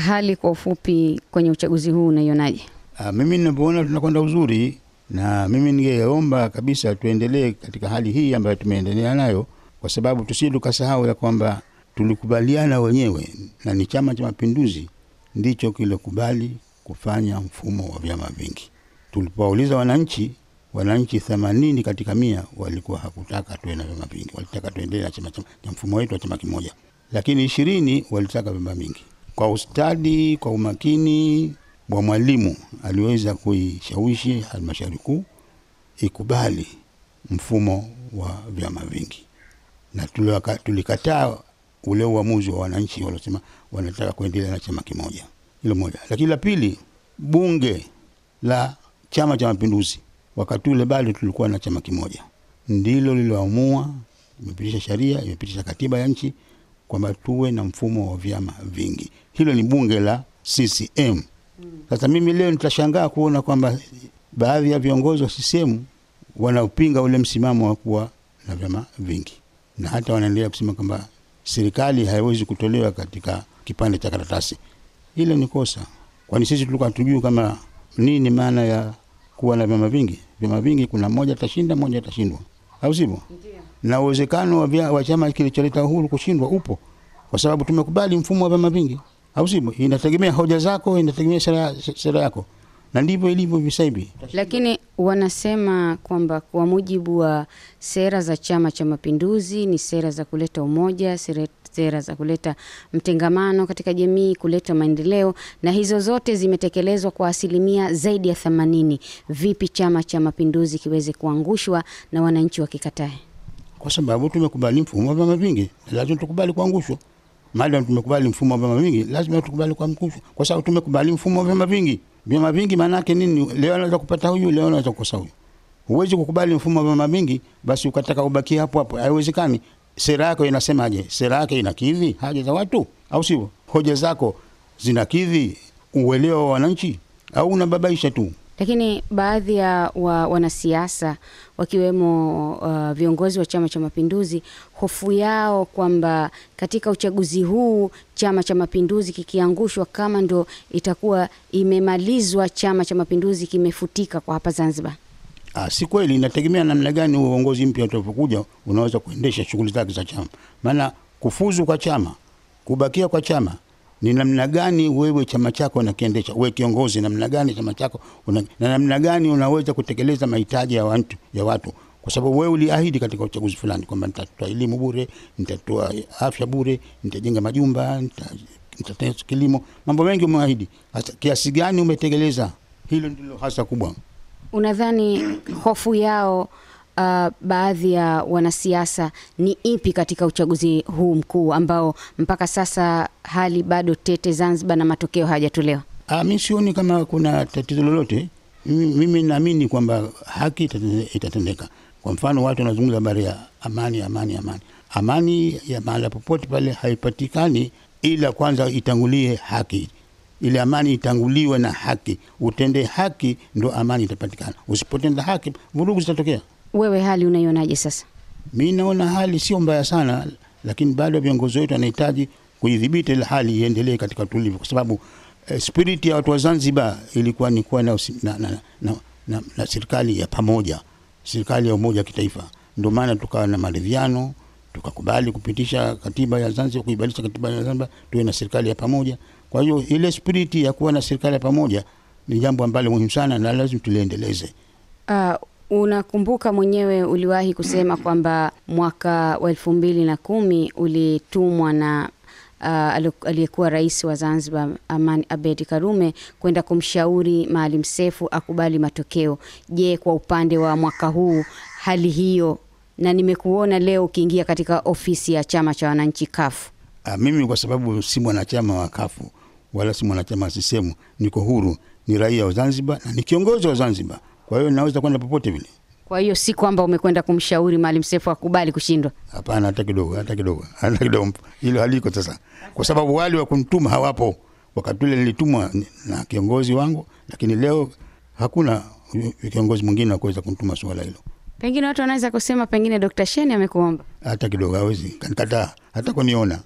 hali kwa ufupi kwenye uchaguzi huu unaionaje? Ah, mimi ninavyoona tunakwenda uzuri, na mimi ningeomba kabisa tuendelee katika hali hii ambayo tumeendelea nayo, kwa sababu tusije tukasahau ya kwamba tulikubaliana wenyewe na ni Chama cha Mapinduzi ndicho kilokubali kufanya mfumo wa vyama vingi. Tulipowauliza wananchi, wananchi themanini katika mia walikuwa hakutaka tuwe na vyama vingi, walitaka tuendelee na chama cha mfumo wetu wa chama kimoja, lakini ishirini walitaka vyama vingi kwa ustadi, kwa umakini wa mwalimu aliweza kuishawishi halmashauri kuu ikubali mfumo wa vyama vingi, na tulikataa ule uamuzi wa wananchi waliosema wanataka kuendelea na chama kimoja. Hilo moja, lakini la pili, bunge la Chama cha Mapinduzi wakati ule bado tulikuwa na chama kimoja, ndilo liloamua imepitisha sheria, imepitisha katiba ya nchi kwamba tuwe na mfumo wa vyama vingi. Hilo ni bunge la CCM. Sasa mimi leo nitashangaa kuona kwamba baadhi ya viongozi wa CCM wanaopinga ule msimamo wa kuwa na vyama vingi, na hata wanaendelea kusema kwamba serikali haiwezi kutolewa katika kipande cha karatasi. Hilo ni kosa, kwani sisi tulikuwa hatujui kama nini maana ya kuwa na vyama vingi. Vyama vingi, kuna moja tashinda, moja tashindwa, au sivyo? Na uwezekano wa chama kilicholeta uhuru kushindwa upo kwa sababu tumekubali mfumo wa vyama vingi, au sio? Inategemea hoja zako, inategemea sera, sera yako, na ndivyo ilivyo visa hivi. Lakini wanasema kwamba kwa mujibu wa sera za Chama cha Mapinduzi ni sera za kuleta umoja, sera sera za kuleta mtengamano katika jamii, kuleta maendeleo, na hizo zote zimetekelezwa kwa asilimia zaidi ya themanini. Vipi Chama cha Mapinduzi kiweze kuangushwa na wananchi wakikatae? Kwa sababu tumekubali mfumo wa vyama vingi, lazima tukubali kuangushwa maadam tumekubali mfumo wa vyama vingi, lazima tukubali kwa mkufu, kwa sababu tumekubali mfumo wa vyama vingi. Vyama vingi maana yake nini? Leo anaweza kupata huyu, leo anaweza kukosa huyu. Huwezi kukubali mfumo wa vyama vingi basi ukataka ubaki hapo hapo, haiwezekani. Sera yako inasemaje? Sera yake inakidhi haja za watu au sio Hoja zako zinakidhi uelewa wa wananchi au unababaisha tu? Lakini baadhi ya wa, wanasiasa wakiwemo uh, viongozi wa Chama cha Mapinduzi, hofu yao kwamba katika uchaguzi huu Chama cha Mapinduzi kikiangushwa, kama ndo itakuwa imemalizwa, Chama cha Mapinduzi kimefutika kwa hapa Zanzibar. Ah, si kweli. Inategemea namna gani uongozi mpya utakapokuja unaweza kuendesha shughuli zake za chama, maana kufuzu kwa chama, kubakia kwa chama ni namna gani wewe chama chako unakiendesha, wewe kiongozi, namna gani chama chako una, na namna gani unaweza kutekeleza mahitaji ya watu, ya watu kwa sababu wewe uliahidi katika uchaguzi fulani kwamba nitatoa elimu bure, nitatoa afya bure, nitajenga majumba, nitatengeneza kilimo, mambo mengi umeahidi. Hasa kiasi gani umetekeleza? Hilo ndilo hasa kubwa. Unadhani hofu yao uh, baadhi ya wanasiasa ni ipi katika uchaguzi huu mkuu ambao mpaka sasa hali bado tete Zanzibar na matokeo hayajatolewa? Ah, mi sioni kama kuna tatizo lolote. Mimi naamini kwamba haki itatendeka. Kwa mfano, watu wanazungumza habari ya amani, amani, amani. Amani ya mahala popote pale haipatikani, ila kwanza itangulie haki ile amani itanguliwe na haki. Utende haki, ndo amani itapatikana. Usipotenda haki, vurugu zitatokea. Wewe hali unaionaje sasa? Mi naona hali sio mbaya sana, lakini bado viongozi wetu wanahitaji kuidhibiti ile hali iendelee katika utulivu, kwa sababu eh, spiriti ya watu wa Zanzibar ilikuwa ni kuwa na, na, na, na, na, na serikali ya pamoja, serikali ya umoja wa kitaifa. Ndio maana tukawa na maridhiano, tukakubali kupitisha katiba ya Zanzibar, kuibadilisha katiba ya Zanzibar tuwe na serikali ya pamoja. Kwa hiyo ile spiriti ya kuwa na serikali ya pamoja ni jambo ambalo muhimu sana na lazima tuliendeleze. Uh, Unakumbuka mwenyewe uliwahi kusema kwamba mwaka wa elfu mbili na kumi ulitumwa na uh, aliyekuwa rais wa Zanzibar Aman Abedi Karume kwenda kumshauri Maalim Sefu akubali matokeo. Je, kwa upande wa mwaka huu hali hiyo, na nimekuona leo ukiingia katika ofisi ya chama cha wananchi kafu A, ah, mimi kwa sababu si mwanachama wa kafu wala si mwanachama wa sisemu, niko huru, ni raia wa Zanzibar na ni kiongozi wa Zanzibar kwa hiyo naweza kwenda popote vile. Kwa hiyo si kwamba umekwenda kumshauri Maalim Seif akubali kushindwa? Hapana, hata kidogo, hata kidogo, hata kidogo. Hilo haliko sasa, kwa sababu wale wa kumtuma hawapo. Wakati ule nilitumwa na kiongozi wangu, lakini leo hakuna kiongozi mwingine wakuweza kumtuma swala hilo. Pengine watu wanaweza kusema pengine Dr. Sheni amekuomba. Hata kidogo, hawezi kanikataa hata kuniona.